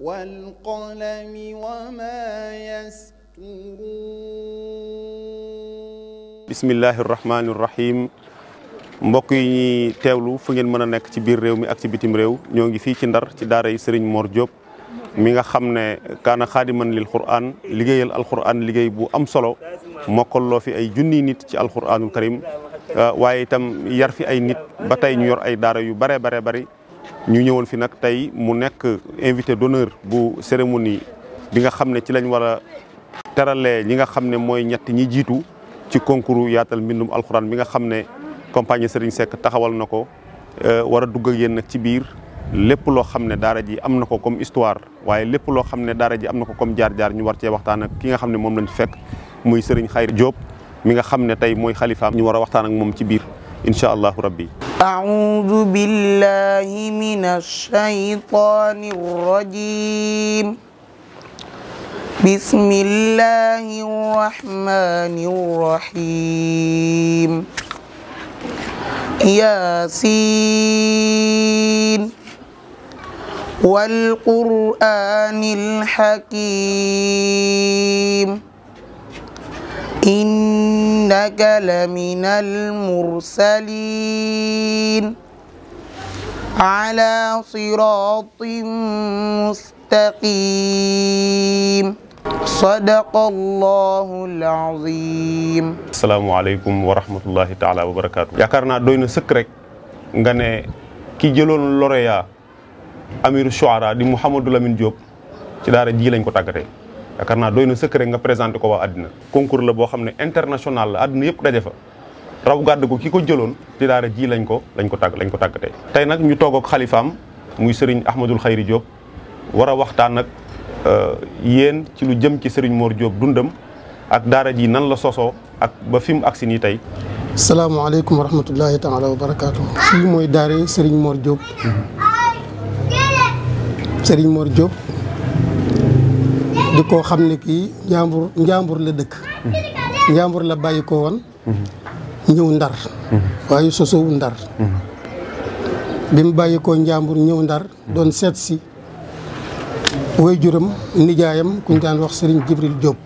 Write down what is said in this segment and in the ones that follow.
والقلم وما يسطرون bismillahi rahmaani rahim mbokk yi ñuy teewlu fu ngeen mën a nekk ci biir réew mi ak ci bitim réew ñoo ngi fii ci ndar ci daara yi Serigne Mor Diop mi nga xam ne kaana xaadiman lil quraan liggéeyal alquraan liggéey bu am solo mokkaloo fi ay junniy nit ci alquraanul karim waaye itam yar fi ay nit ba tey ñu yor ay daara yu bare bare bari ñu ñëwoon fi nag tey mu nekk invité d'honneur bu cérémonie bi nga xam ne ci lañ war a teralee ñi nga xam ne mooy ñett ñi jiitu ci concours yaatal mbindum alxuraan bi nga xam ne compagnie Serigne sekk taxawal na ko euh, war a dugg ak yéen ci biir lépp loo xam ne daara ji am na ko comme histoire waaye lépp loo xam ne daara ji am na ko comme jaar-jaar ñu war cee waxtaan ak ki nga xam ne moom lañ fekk muy seriñ Khayri Diop mi nga xam ne tey mooy xalifaam ñu war a waxtaan ak moom ci biir incha allahu rabbi أعوذ بالله من الشيطان الرجيم بسم الله الرحمن الرحيم ياسين والقرآن الحكيم إنك لمن المرسلين على صراط مستقيم sadaqallahul azim asalaamaaleykum wa rahmatullahi taala wa barakaatu yaakaar naa doy na sëkk rek nga ne ki jëloon lauréat amiru shuara di Mouhamadou Lamine Diop ci daara ji lañ ko tàggatee yaakaar naa doy na sëkk nga présenté ko waa àddina concours la boo xam ne international la àddina yëpp daje fa raw gàdd ko ki ko jëloon ci daara ji lañ ko lañ ko tàgg lañ ko tàggatee tey nag ñu toog ak xalifaam muy sëriñ Ahmadul Xayri Diop war a waxtaan nag euh, yéen ci lu jëm ci sëriñ Mor Diop dundam ak daara ji nan la sosoo ak ba fi mu agsi nii tey salaamaaleykum aleykum rahmatullahi taala wa barakaatu fii mooy daare sëriñ Mor Diop mm-hmm. Mor di koo xam ne kii njàmbur njàmbur la dëkk njàmbur la bàyyi ko woon ñëw ndar waaye sosowu ndar bi mu bàyyi ko njàmbur ñëw ndar doon seet si way juram nijaayam kuñ daan wax Serigne Jibril Diop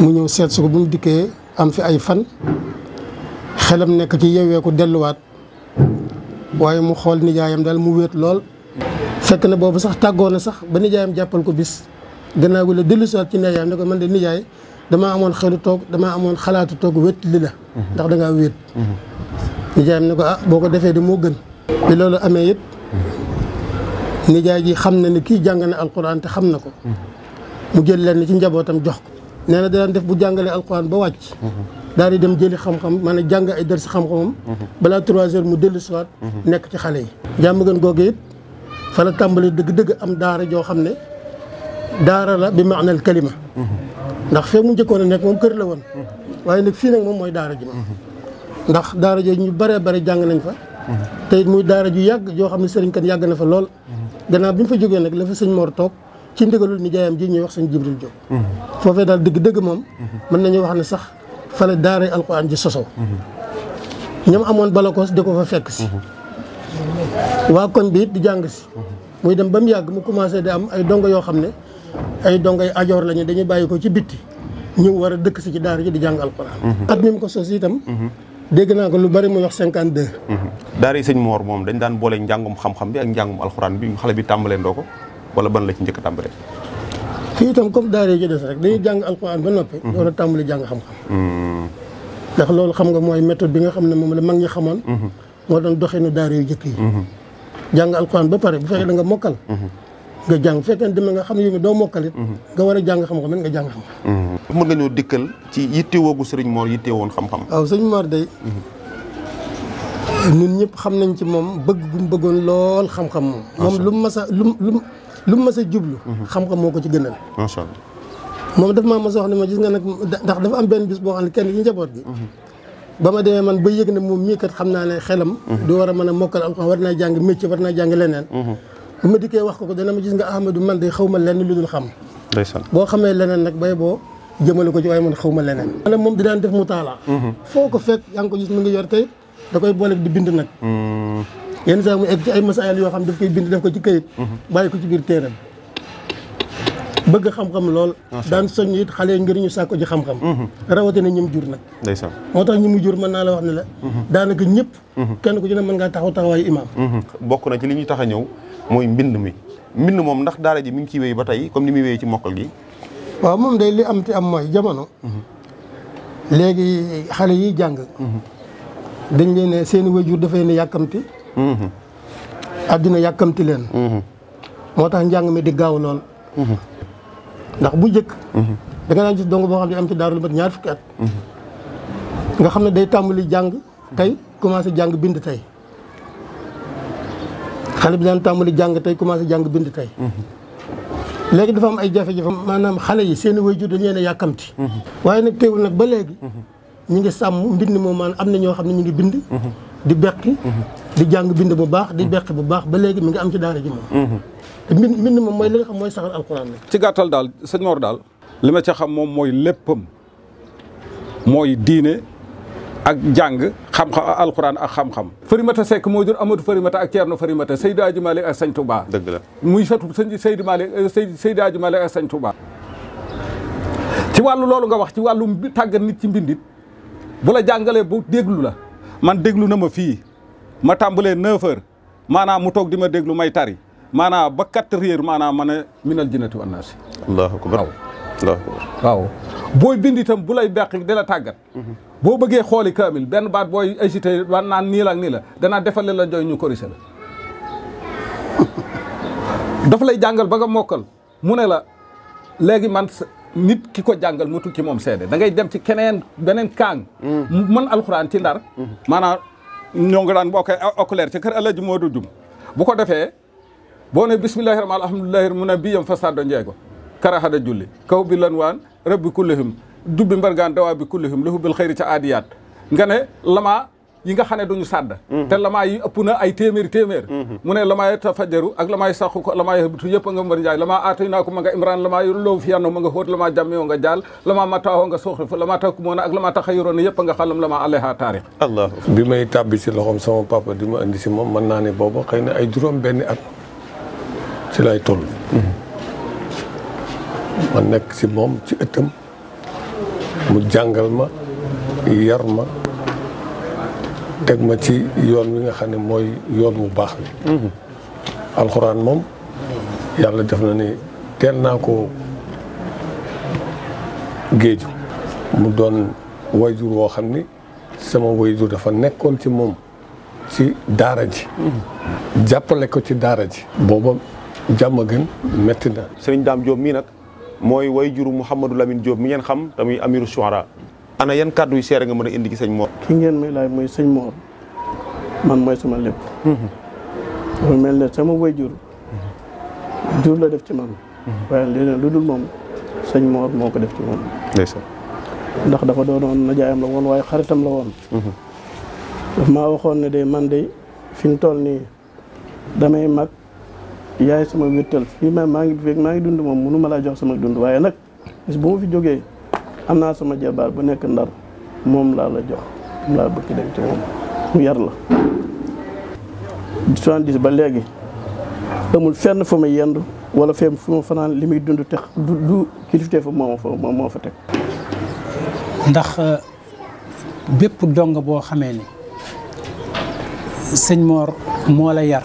mu ñëw seet si ko bu mu dikkee am fi ay fan xelam nekk ci yewee delluwaat waaye mu xool nijaayam daal mu wéet lool fekk na boobu sax tàggoo na sax ba nijaayam jàppal ko bis gannaaw gi la dellu si waat ci nijaayam ne ko man de nijaay damaa amoon xelu toog damaa amoon xalaatu toog wét li la ndax dangaa wéet nijaayam ne ko ah boo ko defee de moo gën bi loolu amee it nijaay ji xam na ni kii jàng na alquran te xam na ko mu jël lenn ci njabootam jox ko nee na daan def bu jàngalee alquran ba wàcc daal di dem jëli xam-xam maanaam jàng ay dër si xam-xamam balaa trois heures mu dellu si nekk ci xale yi jàmm gën googu it fa la tàmbali dëgg-dëgg am daara joo xam ne daara la bi maanal kalima ndax fee mu njëkkoon a nekk moom kër la woon waaye nag fii nag moom mooy daara ji moom ndax daara jooju ñu bëree bëri jàng nañ fa te it muy daara ju yàgg joo xam ne sëriñ kan yàgg na fa lool gannaaw bi mu fa jógee nag la fa sëñ Mor toog ci ndigalul nijaayam ji ñuy wax sëñ Jibril Diop foofee daal dëgg-dëgg moom mën nañu wax ne sax fale daaray alquran ji sosoo ñoom amoon balakoos di ko fa fekk si waa koñ bi di jàng si muy dem ba mu yàgg mu commencé di am ay dongo yoo xam ne ay dongay ajoor lañu dañuy bàyyi ko ci bitti ñu war a dëkk si ci daara ji di jàng alxuraan. Mhm. at mi ko sos tam mhm. dégg naa ko lu bari muy wax cinquante de mhm. daara yi moor moom dañ daan boole njàngum xam-xam bi ak njàngum alxuraan bi xale bi tàmbalee ko wala ban la ci njëkk a tàmbalee. fii itam comme daara yi ci des rek dañuy jàng alxuraan ba noppi. war a tàmbali jàng xam-xam. ndax loolu xam nga mooy méthode bi nga xam ne moom la mag ñi xamoon. moo doon doxinu daara yu njëkk yi. jàng alxuraan ba pare bu fekkee da nga mokkal. nga jàng fekkeen dem nga xam ne yow doo mokkalit nga war a jàng xam-xam it nga jàng xam-xam nga ñëw dikkal ci yitte woogu sëriñ Mor yitte woon xam-xam waaw sëriñ Mor day ñun ñëpp xam nañ ci moom bëgg gu bëggoon lool xam-xam moom moom lu mu mas a lu lu lu mu a jublu mhm. xam-xam moo ko ci gënal macha allah moom daf maa mas a wax ma gis nga nag ndax dafa am benn bis boo xam ne kenn yi njaboot gi mhm. ba ma demee man ba yëg ne moom mii xam naa ne xelam mhm. du war a mën a mokkal alxuraan war naa jàng métier war naa jàng leneen bu ma dikkee wax ko ko dana ma gis nga Ahmadou man de xaw ma lenn lu dul xam. ndeysaan boo xamee leneen nag bay boo jëmale ko ci waaye man xaw ma leneen. maanaam moom dinaan def mu taala mm-hmm. foo ko fekk yaa ngi ko gis mu ngi yor tey boole di bind nag. Mm-hmm. yenn saa mu ci ay masaayal yoo xam daf koy bind def ko ci këyit. Mm-hmm. bàyyi ko ci biir téeram. bëgg xam-xam lool. daan soññ it xale ngir ñu sàkko ji xam-xam. rawatina ñi mu jur nag. ndeysaan moo tax ñi mu jur mën naa la wax ne la. daanaka ñëpp. kenn ku ci ne mën ngaa taxaw taxawaayu imaam. bokk na ci li ñu tax a ñëw. mooy mbind mi mbind moom ndax daara ji mi ngi ciy wéy ba tey comme ni muy wéy ci mokkal gi. waaw moom day li am te am mooy jamono. léegi xale yi jàng. dañ leen seeni seen wajur dafay ne yàkkamti. àddina yàkkamti leen. moo tax njàng mi di gaaw lool. ndax bu njëkk. da nga daan gis dong boo xam ne am ci daaru ñaar fukki at. nga xam ne day tàmbali jàng tey commencé jàng bind tey. xale bi daan tàmbali jàng tey commencé jàng bind tey. léegi dafa am ay jafe-jafe maanaam xale yi seen i waajur dañu leen a yàkkamti. waaye nag teewul nag ba léegi. ñu ngi sàmm mbind moom maanaam am na ñoo xam ne ñu ngi bind. di beqi di jàng bind bu baax di beqi bu baax ba léegi mi ngi am ci daara ji moom. te mbind mbind moom mooy li nga xam mooy saxal alxuraan la. ci gàttal daal sëñ Mor daal. li ma ca xam moom mooy léppam mooy diine. ak jàng xam-xam alxuraan ak xam-xam Farimata Seck moo amatu Amadou Farimata ak no Farimata Seydi Hadji Malick ak Sëñ Touba dëgg la muy satu Seydi Malick euh, Seydi Hadji Malick ak Sëñ Touba ci wàllu loolu nga wax ci wàllu tàggat nit ci mbindit bu la jàngalee bu déglu la man déglu na ma fi ma tàmbalee neuf heures maanaam mu toog di ma déglu may tari maanaam ba quatre heures maanaam man a minal jinnati wan waaw booy bind itam bu lay beq di la tàggat boo bëggee xooli kaamil benn baat booy agité wa naan nii la la danaa defal la joy ñu corrigé la dafa lay jàngal ba nga mu ne la léegi man nit ki ko jàngal matul ci moom seede da ngay dem ci keneen beneen kaang mm. mën alxuraan ti ndar mm-hmm. maanaam ñoo ngi daan boo koy oculaire ci kër Alaaji Moodu Jum bu ko defee boo ne bismillahi rahmaan mu ne bi yam fasado njeego karaxada julli kaw bi lan waan rabbi kullihim dubbi mbargaan dawaa bi kullihim lahu bil xëyri ca aadiyaat nga ne lamaa yi nga xam ne duñu sàdd mhm. te lamaa yi ëpp na ay téeméeri téeméer mhm. mu ne lamaa yi tafajaru ak lamaa yi sàqu ko lamaa yi xëbtu yëpp a nga mbar njaay lamaa aatay naa ko ma nga imran lamaa yi loowu fi ma nga xóot lamaa jàmmewoo nga jaal lamaa mataawoo nga soxrif lamaa takkumoona ak lamaa taxayuroona yëpp a nga xalam lamaa aleha taarix allah bi may tàbbi si loxoom sama papa di ma indi moom mën naa ne booba xëy na ay juróom benn at si lay toll mhm. ma nekk ci moom ci ëttam mu jàngal ma yar ma teg ma ci yoon wi nga xam ne mooy yoon wu baax wi mhm. alxuraan moom yàlla def na ni teel naa ko géeju mu doon jur woo xam ni sama wayjur dafa nekkoon ci moom ci daara ji mhm. jàppale ko ci daara ji booba jàmm gën metti na sëriñ Daam Jóob mii nag mooy way juru Mouhamadou Lamine Diop mi ngeen xam tamuy amiru shuara ana yan kàddu seere nga mën a indi ci sëñ Mor ki ngeen may laaj mooy sëñ Mor man mooy sama lépp mhm. dafa mel ne sama way jur jur la def ci man mhm. waaye leneen lu dul moom sëñ Mor moo ko def ci moom ndax dafa doonoon najaayam la woon waaye xaritam la woon mhm. daf maa waxoon ne day man day fi ñu nii damay mag yaay sama wéttal fii maa ngi fekk maa ngi dund moom mënu ma laa jox sama dund waaye nag bis bu fi jógee am naa sama jabaar bu nekk ndar moom laa la jox moom laa bëgg dem ci moom mu yar la. 70 ba léegi amul fenn fu ma yendu wala fenn fu ma fanaan li muy dund te du du kilifte fa moo fa moo fa teg. ndax euh, bépp dong boo xamee ni sëñ Mor moo la yar.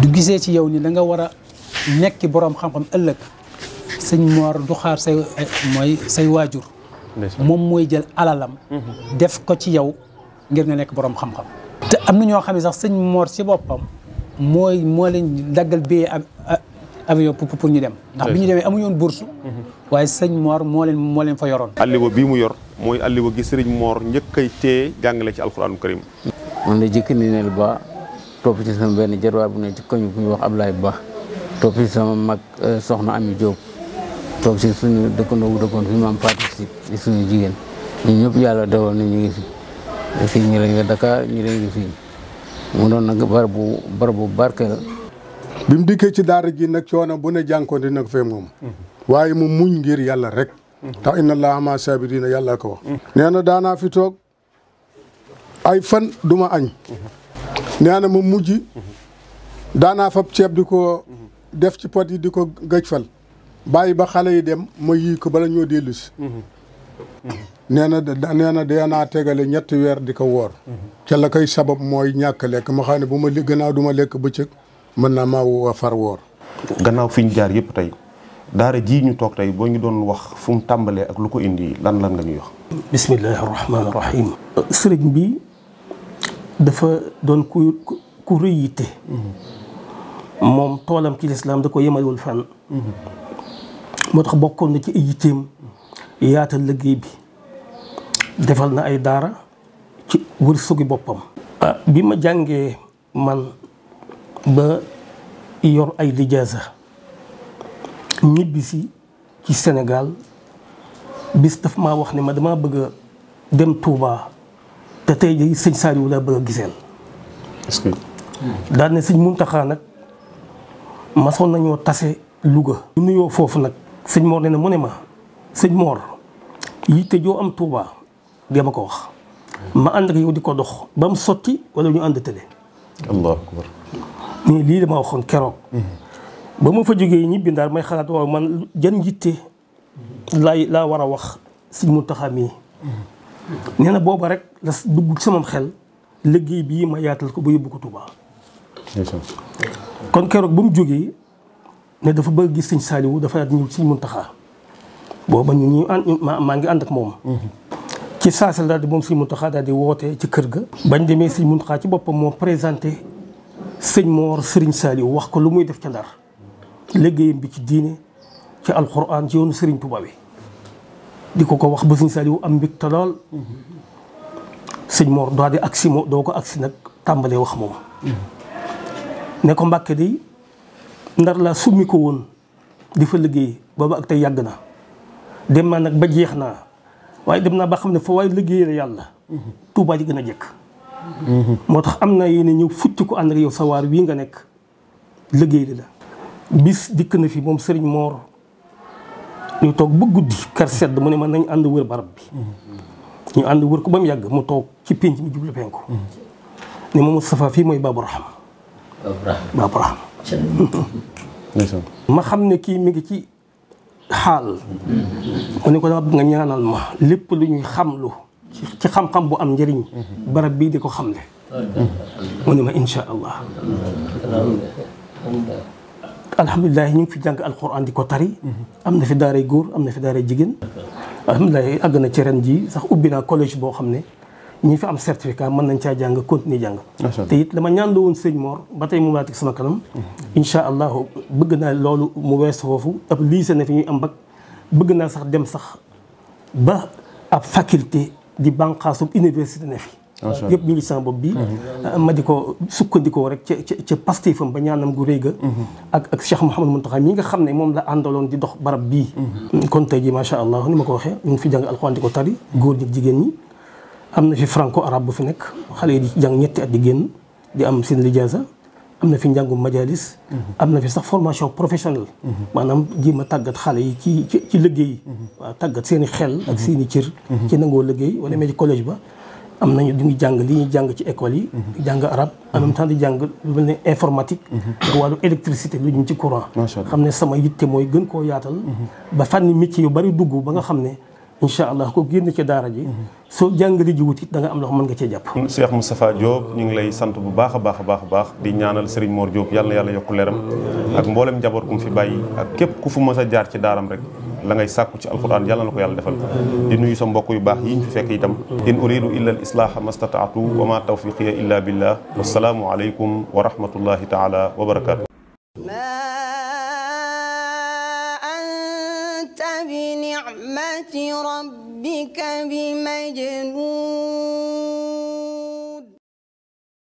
du gisee ci yow ni da nga war a nekki boroom xam-xam ëllëg sëñ Mor du xaar say mooy say waajur moom mooy jël alalam mhm. def ko ci yow ngir nga nekk boroom xam-xam te am na ñoo xam ne sax sëñ moor ci boppam mooy moo leen daggal billet avion pour ñu dem ndax bi ñu demee amuñoon bourse mhm. waaye sëñ Mor moo leen moo leen fa yoroon alliwa bii mu yor mooy alliwa gi sëriñ Mor njëkk ay téye jàngale ci alxuraanu karim man la jëkk ni neel ba topp ci sama benn jarwaay bu ne ci koñ bu ñu wax Ablaye Ba topp ci sama mag euh, soxna Ami Diop topp ci suñu dëkkandoo bu dëkkoon fi maam Fatou si di suñu jigéen ñu ñëpp yàlla dogal na ñu ngi fi fii ñu la nga Dakar ñu la ngi fii mu doon nag barab bu barab bu barke la bi mu dikkee ci daara ji nag coono bu ne jànkoonte nag fee moom waaye mu muñ ngir yàlla rek tax inna allaha ma sabirina yàlla ko wax mm-hmm. nee na daanaa fi toog ay fan duma añ nee na ma mujj daanaa fab ceeb di ko def ci pot yi di ko gëj fal bàyyi ba xale yi dem ma yii ko bala ñoo dellu si nee de nee na daanaa tegale ñetti weer di ko woor ca la koy sabab mooy ñàkk lekk ma xam ne bu ma li gannaaw duma lekk ba bëccëg mën naa ma wa far woor gannaaw fi ñu jaar yëpp tey daara ji ñu toog tey boo ñu doon wax fu mu tàmbalee ak lu ko indi lan lan nga ñuy wax bismillahi rahmaani rahim sëriñ bi dafa doon ku ku rëy yitte mm-hmm. moom toolam ci lislaam da ko yemalewul fànn mm-hmm. moo tax bokkoon na ci ay yitteem yaatal liggéey bi defal na ay daara ci wërsëgu boppam ah. bi ma jàngee man ba yor ay lijaasa ñibbisi ci Sénégal bis daf ma wax ni ma dama bëgg a dem Touba te tey jii sëñ Saliou laa bëgg a giseel. est-ce que. daan na sëñ Muntaxa nag masoon nañoo tase Louga. ñu nuyoo foofu nag sëñ Mor nee na mu ne ma sëñ Mor yitte joo am Touba dee ma ko wax. ma ànd ak yow di ko dox ba mu sotti wala ñu ànd tële. allahu lii dama waxoon keroog. ba ma fa jógee ñibbi ndaar may xalaat waaw man jan yitte laay laa war a wax sëñ taxaa mii. nee booba rek dugg sama xel liggéey bii ma yaatal ko ba yóbbu ko Touba. kon keroog ba mu jógee ne dafa bëgg gis sëñ Saliou dafa daal ñëw sëñ Muntaxa booba ñu ñu maa maa ngi ànd ak moom. Mm-hmm. ci saasal daal di moom sëñ Muntaxa daal di wootee ci kër ga. bañ demee sëñ Muntaxa ci boppam moo présenté sëñ moo Mor sëriñ Saliou wax ko lu muy def ca ndar liggéeyam bi ci diine ci alxuraan ci yoonu sëriñ Touba bi. di ko ko wax ba sëñ Saliou am mbégte lool sëñ Mor doo di agsi moo doo ko agsi nag tàmbalee wax moom ne ko Mbàkke di ndar laa summi ko woon di fa liggéey booba ak tey yàgg na dem ma nag ba jeex naa waaye dem naa ba xam ne fa waaye liggéey la yàlla Tuubaa yi gën a jekk moo tax am naa yéene ñëw futti ko ànd ak yow sawaar wii nga nekk liggéey li la bis dikk na fi moom sëriñ moor ñuy toog ba guddi kar sedd mu ne man nañu ànd wër barab bi ñu ànd wër ko ba mu yàgg mu toog ci pénc mi jublu penku ne ma Moustapha fii mooy Babou Rahma ma xam ne kii mi ngi ci xaal mu ne ko dama bëgg nga ñaanal ma lépp lu ñuy xamlu ci xam-xam bu am njëriñ barab bii di ko xamle mu ne ma insha alhamdulilah ñu ngi fi jàng alxuraan di ko tari. am na fi daaray góor am na fi daaray jigéen. alhamdulilah àgg na ci ren ji sax ubbi naa collège boo xam ne ñi fi am certificat mën nañ caa jàng continuer jàng. te it dama ñaandoo woon sëñ moor ba tey moom laa teg sama kanam. incha allah bëgg naa loolu mu wees foofu ab lycée na fi ñuy am bac bëgg naa sax dem sax ba ab faculté di bànqaasub université na fi. yëpp ñu ngi sama bopp bi mhm. euh, ma di ko sukkandikoo rek ca ca ca pastéefam ba ñaanam gu réy ga mhm. ak ak Cheikh Mouhamadou Mountakha mi nga xam ne moom la aloon di dox barab bii mhm. kon tey ji macha allah ni ma ko waxee mu ngi fi jàng alxuraan ko tari góor ñi jigéen ñi am na fi franco arabe bu fi nekk xale yi di jàng ñetti at di génn di am seen lijaasa am na fi njàngum majalis am na fi sax formation professionnelle maanaam jéem ma tàggat xale yi ci ci liggéey waaw tàggat seen i xel ak seen i cër ci nangoo liggéey wala mee collège ba am nañu du ñu jàng li ñuy jàng ci école yi. Mhm. jàng arab en même mhm. temps di jàng lu mel ne informatique. Mhm. ak wàllu électricité lu ñu ci courant. xam ne sama yitte mooy gën koo yaatal. ba fànni métier yu bari dugg ba nga xam ne. incha allah ko génn ci daara ji. soo jàngalee ji wutit da nga am loo mën nga cee jàpp. Mm, Cheikh Moustapha Diop ñu ngi lay sant bu baax a baax a baax a baax di ñaanal Serigne Mor Diop yàlla yàlla yokk leeram ak mboolem njaboot ku mu fi bàyyi ak képp ku fu mës a jaar ci daaram rek. la ngay sàkku ci alquran yàlla na ko yàlla defal di nuyu sa mbokk yu baax yi fi fekk tam in uridu illa al islaaha mastataatu wa ma tawfiqiya illa billah wassalaamu aleykum wa rahmatullahi taala wa barakatu bi ni'mati rabbika bi majnun